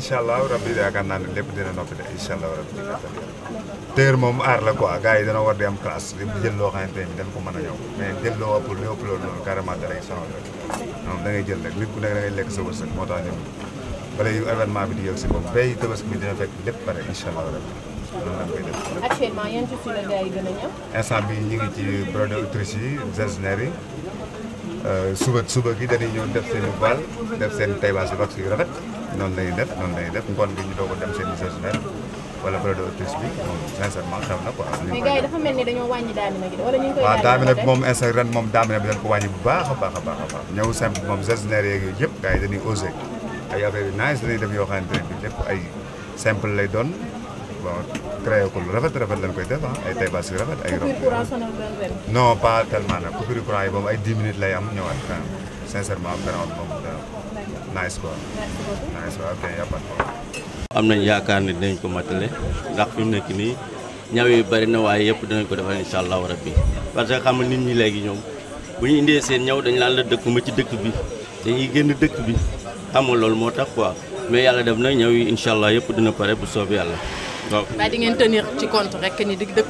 incha allahu rabbi yaakaar naa ne lépp dina noppi de incha allahu rabbi di kattan téer moom aar la quoi gars yi dana war di am classe di jël loo xamante ni dañ ko mën a ñëw mais jël loo ëpp lu ëpp loolu noonu carrément jël rek nit ku nekk da ngay lekk sa wërsëg moo tax événement bi di yëg si bopp bay tabaski lépp pare incha allahu rabbi noonu lañ def actuellement yan bi ñu ngi ci broderie yi gestionnaire yi euh, suba suba gi dañuy ñëw def seen i voile def seen taybaas yu rafet noonu lay def noonu lay def ngoon gi ñu doog a dem seen gestionnaire wala productrice bi moom sincèrement xew na quoi. mais ni moom instant ren moom daamina bi dañ ko wàññi bu baax a baax a baax a ñëw simple moom gestionnaire yeeg yooyu yëpp gars yi dañuy osé ay affaire yu nice dañuy def yoo xamante ne bi lépp ay simple lay doon bon créé ko lu rafet rafet lañ koy def ah, ay tey basi rafet ay rob non pas tellement nag coupure courant yi moom ay 10 lay am ñëwaat sincèrement vraiment moom nice quoi. am nañ yaakaar ne dinañ ko matale ndax fi nekk nii ñaw yi bari na waaye yëpp dinañ ko defal incha allahu rabbi parce que xam nit ñi léegi ñoom bu ñu indee seen ñaw dañ laan la dëkk ci dëkk bi dañuy génn dëkk bi xam nga loolu moo tax quoi mais yàlla def na ñaw yi incha allah yëpp dina pare bu soob yàlla waaw. waaye di ngeen tenir ci compte rek ni dig dëkk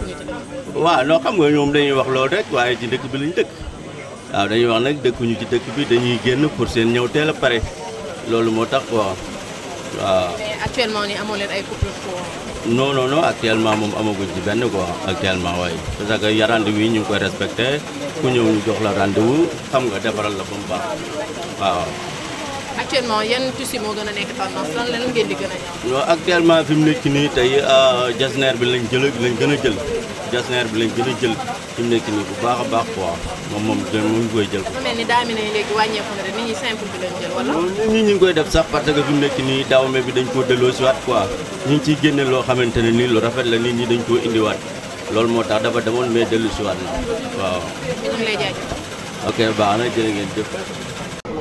waaw non xam nga ñoom dañuy wax loolu rek waaye ci dëkk bi lañ dëkk waaw dañuy wax nag dëkkuñu ci dëkk bi dañuy génn pour seen ñëw teel a pare loolu moo tax waaw waaw. mais actuellement nii amoo leen actuellement moom amaguñ ci benn quoi actuellement waaye parce que ya rendez-vous yi ñu ngi koy respecté ku ñëw ñu jox la rendez-vous xam nga defaral la ba mu baax waaw. actuellement yenn tissu moo gën a nekk tendance lan lan ngeen di gën a ñëw. non actuellement fi mu nekk nii tey ah, jasneer bi lañ jël lañ gën a jël jasneer bi lañ gën a jël fi nekk nii bu baax a baax quoi moom moom jël moom koy jël. su mel ni daa mi léegi wàññeeku na de nit ñi simple bi lañ jël wala. nit ñi ñu ngi koy def sax parce que fi mu nekk nii daawame bi dañ koo delloo si waat ñu ngi ciy génne loo xamante ne nii lu rafet la nit ñi dañ koo indiwaat loolu moo tax dafa demoon mais dellu si waat na baax na jërë ngeen jëf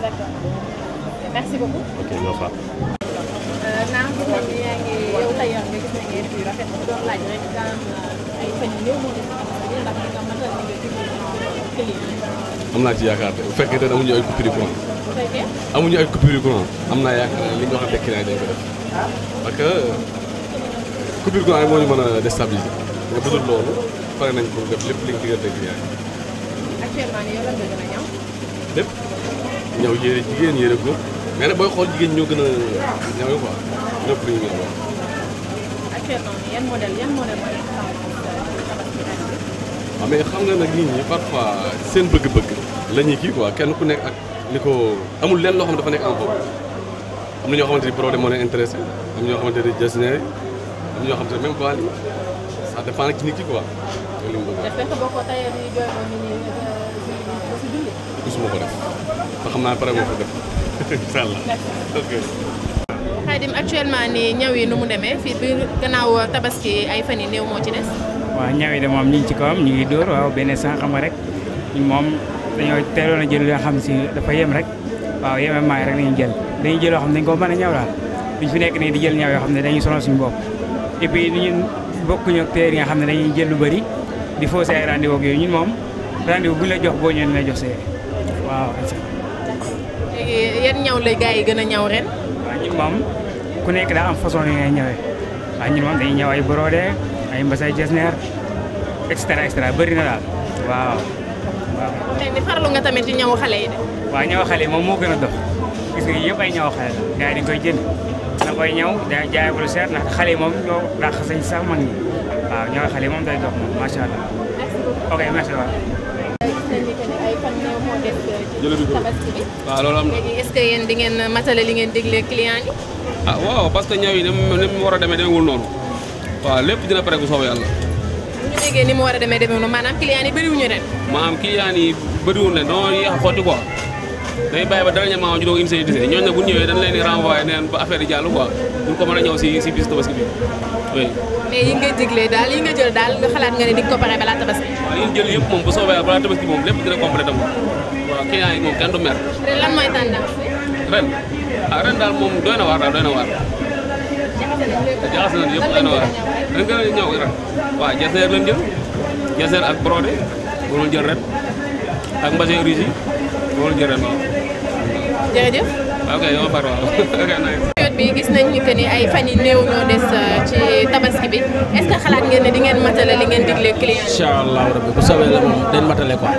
D'accord. merci beaucoup. ok Nofa. Euh, naam gis euh, ay fan yu néew moo des ndax nga mën a liggéey ci euh, am naa ci yaakaar de bu fekkee dañ amuñu ay coupure ay coupure courant naa li ñu waxante yi dañ ko def. Ah. parce que coupure courant yi moo ñu mën a déstabiliser. mais bu dul loolu pare nañ pour def lépp li nga gën a lépp. ñaw yére jigéen yére góor mais nag booy xool jigéen ñoo gën a ñëw yi quoi ah, xam nga nag nit ñi parfois seen bëgg-bëgg lañuy ñuy ko quoi kenn ku nekk ak ni ko amul lenn loo xam dafa nekk en bopp am na ñoo xamante ni problème moo leen intéressé am ñoo xamante ni jasner yi am ñoo xamante ne même voile yi ça nag ci nit ki ko tayee di jooy ko ko def. te xam naa pare boo ko def incha allah ok Khadim actuellement ni ñaw yi nu mu demee fii biir gannaaw eh, tabaski ay fan yi néew moo ci des waaw ñaw yi de moom ñu ngi ci kawam ñu ngi dóor waaw benn san xam nga rek moom dañoo teeloon a jël yoo xam si dafa yem rek waaw a di jël ñaw yoo xam ne dañuy sonal suñu bopp et puis ñu rendez-vous ñun moom rendez-vous bu la jox boo ñu la jox see waaw yan ñaw lay gaay gëna ñaw ren waaw mom ku nekk da am façon yi ngay ñawee waaw mom dañ dañuy ñaw ay brodé ay mbassay jessner et cetera et cetera bari na daal waaw waaw ni farlu nga tamit ñaw xalé yi de wa ñaw xalé mom mo gëna dox gis nga yépp ay ñaw xalé gaay di koy jënd da koy ñaw da jaay bu lu seer ndax xale yi moom sañ sax man ñi waaw ñaw xalé mom day dox moom macha allah ok merci jëlëbi ko tabaski bi waaw loolu est ce que yéen di ngeen matale li ngeen digle client yi ah waaw parce que ñaw yi ni mu war a demee demeewul noonu waaw lépp dina pare bu soobee yàlla ñu déggee ni mu war a demee demee noonu maanaam client yi bëriwuñu ren maanaam client yi bëriwuñu ren dañoo yéex a xotti quoi dañuy bàyyi ba dernier moment ju doog imsé disé ñooñu nag bu ñëwee dañ leen di renvoyé neen ba affaire yi jàll quoi pour ko mën a ñëw si si bis tabaski bi oui mais yi nga digle dal yi nga jël daal xalaat nga ne di nga ko pare balaa tabaski waaw yi ñu jël yëpp moom bu soobee balaa tabaski moom lépp dina complété moom client yi moom kenn du mer. ren lan mooy tendance ren ah ren daal moom doy na waar daal doy na waar. jaxas nañu yëpp doy na waar ren gën a ñëw ren. jaseer lañ jël jaseer ak brodé boo jël ren ak mbasin russe yi boo jël ren waaw. jërëjëf. ok yow waaw bi gis nañ que ni ay fan yi néew ñoo des euh, ci tabaski bi est ce que xalaat ngeen ne di ngeen matale li ngeen digle client incha rabbi bu soobee la moom dañ matale quoi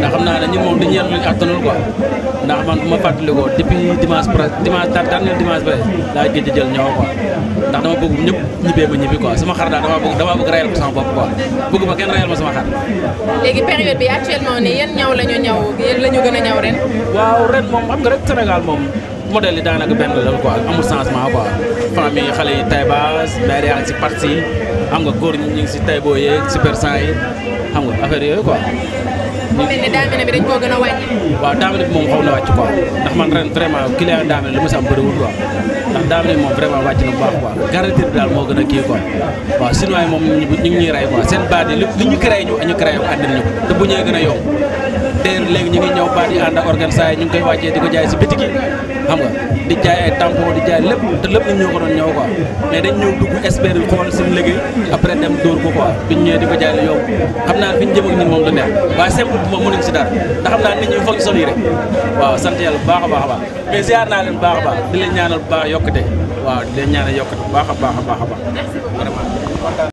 ndax xam naa ne ñun moom dañu yar attanul quoi ndax man bu ma depuis dimanche dimanche dimanche ba jël quoi ndax dama bëgg ñëpp ma quoi sama xar daal dama bëgg dama bëgg rayal ko sama bopp quoi bëgg ma kenn rayal ma sama xar léegi période bi actuellement ni ñaw ñaw ñaw ren waaw ren xam nga rek Sénégal modèle yi daanaka benn la quoi amul changement quoi famille yi xale yi Taïba mère yaa ngi si parti yi xam nga góor ñi ñu ngi si Taïbo yeeg super sang yi xam nga affaire yooyu quoi. mu mel ne daamine bi dañ koo gën a wàññi. waaw daamine bi moom xaw na wàcc quoi ndax man ren vraiment client daamine li ma si am bëriwul quoi ndax daamine moom vraiment wàcc na bu baax quoi garantie bi daal moo gën a kii quoi waaw sinon moom ñu ngi ñuy rey quoi seen baat yi li ñu créé ñu ñu créé ko àndil ñu te bu ñëwee gën a yomb d'ailleurs léegi ñu ngi ñëw baat yi ànd ak organ saa yi ñu ngi koy wàccee di ko jaay si bitik yi xam nga di jaay ay tampon di jaay lépp te lépp ñun ñoo doon ñëw quoi mais dañ ñëw dugg expert bi xool suñu liggéey après dem dóor ko quoi duñ di ko jaay yow xam naa fi ñu jëm moom du neex waaye simple bi moom mënuñ si dara ndax naa nit ñi foog sol yi rek waaw sant baax a baax a baax mais ziar naa leen bu baax baax baax a baax a baax a baax